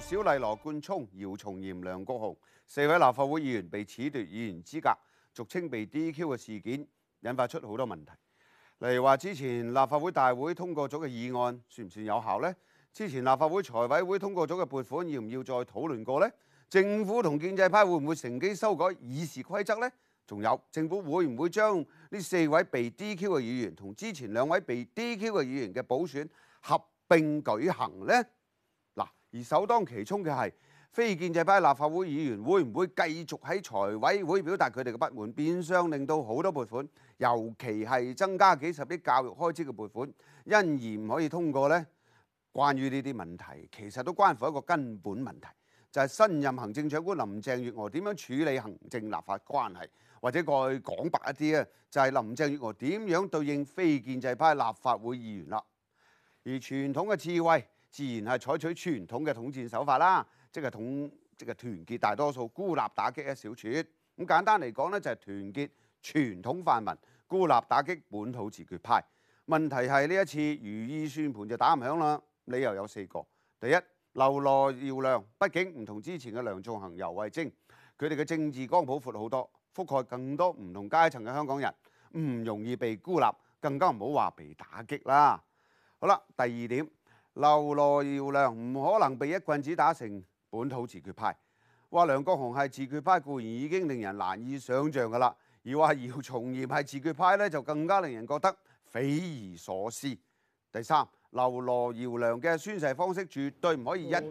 小麗、羅冠聰、姚松炎、梁國雄四位立法會議員被褫奪議員資格，俗稱被 DQ 嘅事件，引發出好多問題。例如話，之前立法會大會通過咗嘅議案，算唔算有效呢？之前立法會財委會通過咗嘅撥款，要唔要再討論過呢？政府同建制派會唔會乘機修改議事規則呢？仲有，政府會唔會將呢四位被 DQ 嘅議員同之前兩位被 DQ 嘅議員嘅補選合併舉行呢？而首當其衝嘅係非建制派立法會議員會唔會繼續喺財委會表達佢哋嘅不滿，變相令到好多撥款，尤其係增加幾十億教育開支嘅撥款，因而唔可以通過呢？關於呢啲問題，其實都關乎一個根本問題，就係新任行政長官林鄭月娥點樣處理行政立法關係，或者過去講白一啲啊，就係林鄭月娥點樣對應非建制派立法會議員啦。而傳統嘅智慧。自然係採取傳統嘅統戰手法啦，即係統即係團結大多數，孤立打擊一小撮。咁簡單嚟講呢就係、是、團結傳統泛民，孤立打擊本土自決派。問題係呢一次如意算盤就打唔響啦。理由有四個：第一，劉羅姚梁，畢竟唔同之前嘅梁頌恆、游蕙禎，佢哋嘅政治光譜闊好多，覆蓋更多唔同階層嘅香港人，唔容易被孤立，更加唔好話被打擊啦。好啦，第二點。劉羅姚梁唔可能被一棍子打成本土自決派，話梁國雄係自決派固然已經令人難以想象噶啦，而話姚松炎係自決派咧就更加令人覺得匪夷所思。第三，劉羅姚梁嘅宣誓方式絕對唔可以一概而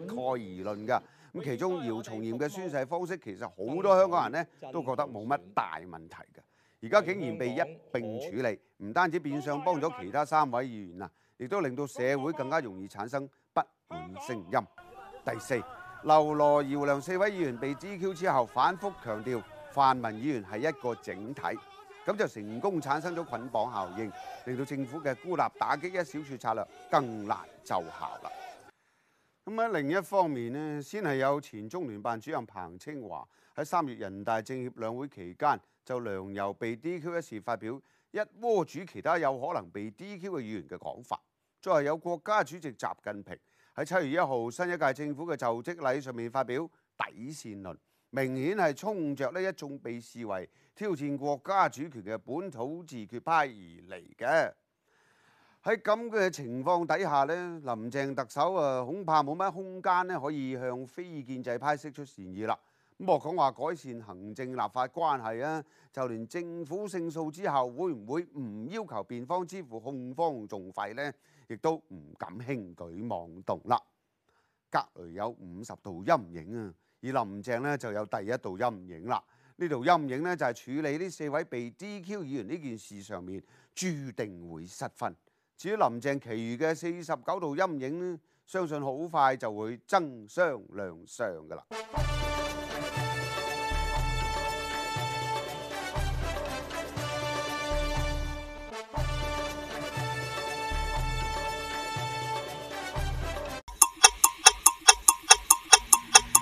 論噶。咁其中姚松炎嘅宣誓方式其實好多香港人咧都覺得冇乜大問題噶，而家竟然被一併處理，唔單止變相幫咗其他三位議員啊！亦都令到社會更加容易產生不滿聲音。第四，劉羅、姚梁四位議員被 DQ 之後，反覆強調泛民議員係一個整體，咁就成功產生咗捆綁效應，令到政府嘅孤立打擊一小撮策略更難奏效啦。咁喺另一方面咧，先係有前中聯辦主任彭清華喺三月人大政協兩會期間，就梁游被 DQ 一事發表一鍋煮其他有可能被 DQ 嘅議員嘅講法。作為有國家主席習近平喺七月一號新一屆政府嘅就職禮上面發表底線論，明顯係衝着呢一眾被視為挑戰國家主權嘅本土自決派而嚟嘅。喺咁嘅情況底下咧，林鄭特首啊恐怕冇乜空間咧可以向非建制派釋出善意啦。唔好講話改善行政立法關係啊！就連政府勝訴之後，會唔會唔要求辯方支付控方訟費呢？亦都唔敢輕舉妄動啦。隔雷有五十度陰影啊，而林鄭呢就有第一度陰影啦。呢度陰影呢，就係處理呢四位被 DQ 議員呢件事上面，注定會失分。至於林鄭其餘嘅四十九度陰影呢，相信好快就會爭相亮相噶啦。